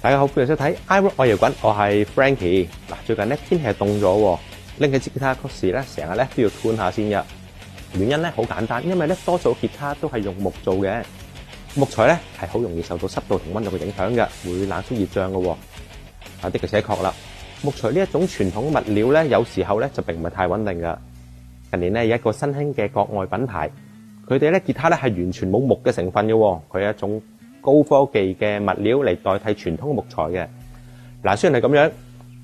大家好，歡迎收睇《I Rock》愛搖滾，我係 Frankie。嗱，最近咧天氣係凍咗，拎起支吉他嗰時咧，成日咧都要穿下先嘅。原因咧好簡單，因為咧多數吉他都係用木做嘅，木材咧係好容易受到濕度同溫度嘅影響嘅，會冷縮熱脹嘅。啊，的確寫錯啦，木材呢一種傳統物料咧，有時候咧就並唔係太穩定噶。近年咧，有一個新興嘅國外品牌，佢哋咧吉他咧係完全冇木嘅成分嘅，佢係一種高科技嘅物料嚟代替傳統木材嘅。嗱，雖然係咁樣，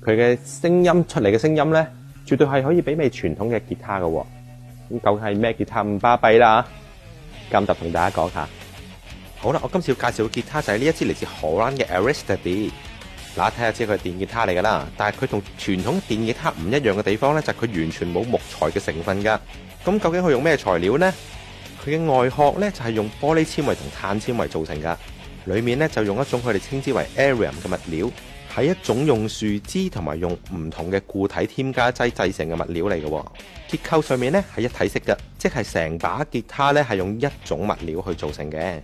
佢嘅聲音出嚟嘅聲音咧，絕對係可以媲美傳統嘅吉他嘅。咁究竟係咩吉他唔巴閉啦？今集同大家講下。好啦，我今次要介紹嘅吉他就係呢一支嚟自荷蘭嘅 Aristides。嗱，睇下知佢係電吉他嚟噶啦，但係佢同傳統電吉他唔一樣嘅地方呢，就係佢完全冇木材嘅成分噶。咁究竟佢用咩材料呢？佢嘅外殼呢，就係用玻璃纖維同碳纖維做成噶，裏面呢，就用一種佢哋稱之為 Aramid 嘅物料，係一種用樹脂同埋用唔同嘅固體添加劑製成嘅物料嚟嘅。結構上面呢，係一體式嘅，即係成把吉他呢，係用一種物料去做成嘅。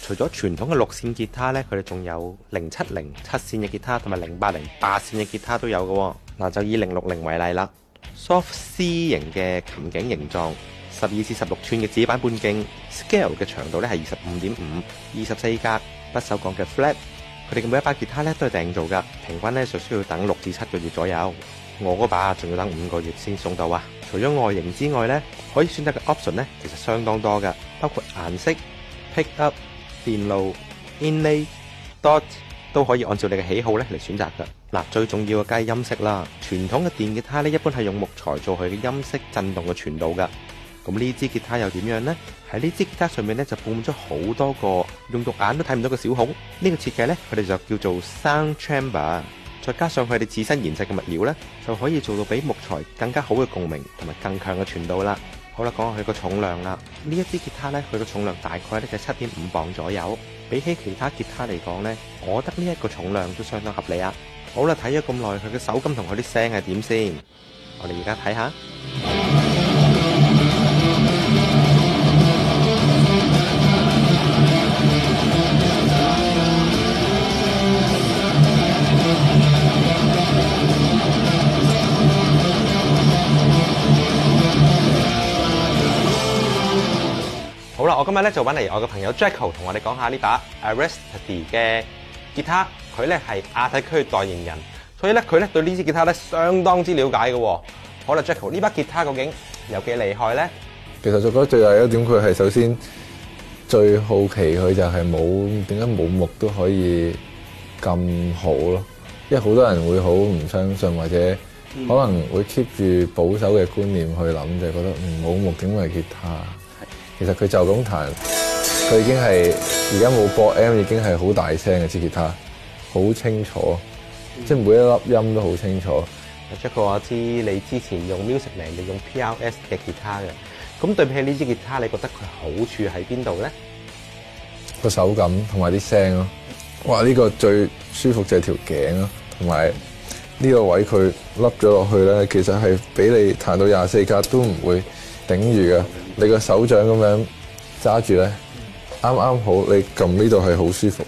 除咗傳統嘅六線吉他咧，佢哋仲有零七零七線嘅吉他同埋零八零八線嘅吉他都有嘅。嗱，就以零六零為例啦，Soft C 型嘅琴頸形狀，十二至十六吋嘅指板半徑，Scale 嘅長度咧係二十五點五，二十四格不鏽鋼嘅 Flat。佢哋嘅每一把吉他咧都係訂做㗎，平均咧就需要等六至七個月左右。我嗰把仲要等五個月先送到啊！除咗外形之外咧，可以選擇嘅 Option 咧其實相當多㗎，包括顏色、Pickup。電路、Inlay、Dot 都可以按照你嘅喜好咧嚟選擇噶。嗱，最重要嘅梗係音色啦。傳統嘅電吉他咧，一般係用木材做佢嘅音色震動嘅傳導噶。咁呢支吉他又點樣咧？喺呢支吉他上面咧就佈滿咗好多個用肉眼都睇唔到嘅小孔。呢個設計咧，佢哋就叫做 Sound Chamber。再加上佢哋自身研製嘅物料咧，就可以做到比木材更加好嘅共鳴同埋更強嘅傳導啦。好啦，講下佢個重量啦。呢一支吉他咧，佢個重量大概咧就七點五磅左右。比起其他吉他嚟講咧，我覺得呢一個重量都相當合理啊。好啦，睇咗咁耐，佢嘅手感同佢啲聲係點先？我哋而家睇下。我今日咧就揾嚟我嘅朋友 Jackal 同我哋講下呢把 Aristide 嘅吉他，佢咧係亞太區代言人，所以咧佢咧對呢支吉他咧相當之了解嘅。好啦，Jackal 呢把吉他究竟有幾厲害咧？其實我覺得最大一點，佢係首先最好奇佢就係冇點解冇木都可以咁好咯，因為好多人會好唔相信或者可能會 keep 住保守嘅觀念去諗，就係覺得冇木點會係吉他。其實佢就咁彈，佢已經係而家冇播 M，已經係好大聲嘅支吉他，好清楚，即係每一粒音都好清楚。Jack、嗯、我知你之前用 Music Man，用 PRS 嘅吉他嘅，咁對比起呢支吉他，你覺得佢好處喺邊度咧？個手感同埋啲聲咯，哇！呢、呢個最舒服就係條頸咯，同埋呢個位佢凹咗落去咧，其實係俾你彈到廿四格都唔會頂住噶。你個手掌咁樣揸住咧，啱、嗯、啱好，你撳呢度係好舒服，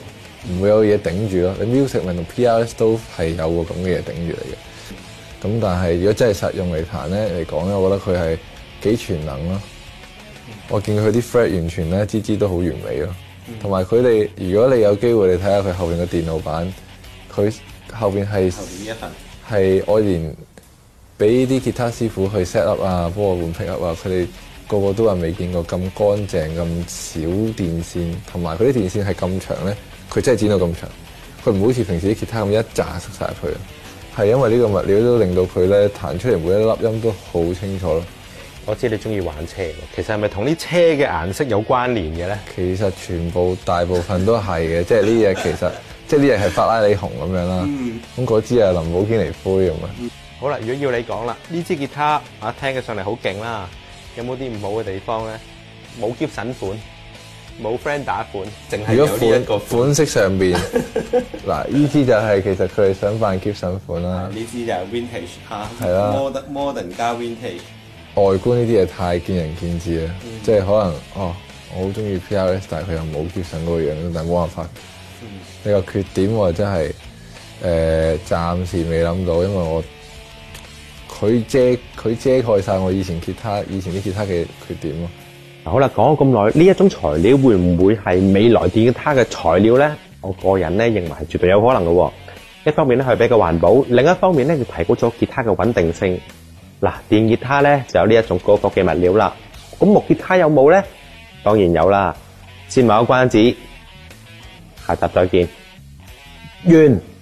唔、嗯、會有嘢頂住咯。你 Music Man 同 PRS 都係有個咁嘅嘢頂住嚟嘅。咁、嗯、但係如果真係實用嚟彈咧嚟講咧，我覺得佢係幾全能咯、嗯。我見佢啲 fret 完全咧，支支都好完美咯。同埋佢哋，如果你有機會，你睇下佢後面嘅電腦版，佢後面係係我連俾啲吉他師傅去 set up 啊，幫我換 pick up 啊，佢哋。個個都話未見過咁乾淨咁少電線，同埋佢啲電線係咁長咧，佢真係剪到咁長，佢唔好似平時啲吉他咁一紮塞晒入去。係因為呢個物料都令到佢咧彈出嚟每一粒音都好清楚咯。我知你中意玩車，其實係咪同啲車嘅顏色有關聯嘅咧？其實全部大部分都係嘅， 即係呢嘢其實即係呢嘢係法拉利紅咁樣啦。咁嗰支係林堡堅尼林寶堅尼灰咁啊。好啦，如果要你講啦，呢支吉他啊，我聽佢上嚟好勁啦。有冇啲唔好嘅地方呢？冇 Gibson 款，冇 friend 打款，淨係一個款式上面。嗱，呢啲就係其實佢哋想扮 Gibson 款 支 vintage、啊、啦。呢啲就係 vintage 嚇，modern modern 加 vintage。外觀呢啲係太見仁見智啦，即、嗯、係、就是、可能哦，我好鍾意 PRS，但係佢又冇 Gibson 嗰個樣，但係冇辦法。比、嗯、較缺點我真係、呃、暫時未諗到，因為我。佢遮佢遮蓋晒我以前吉他以前啲吉他嘅缺點咯。嗱好啦，講咗咁耐，呢一種材料會唔會係未來電吉他嘅材料咧？我個人咧認為係絕對有可能嘅。一方面咧係比較環保，另一方面咧又提高咗吉他嘅穩定性。嗱，電吉他咧就有呢一種高科技嘅物料啦。咁木吉他有冇咧？當然有啦。先賣個關子，下集再見。完。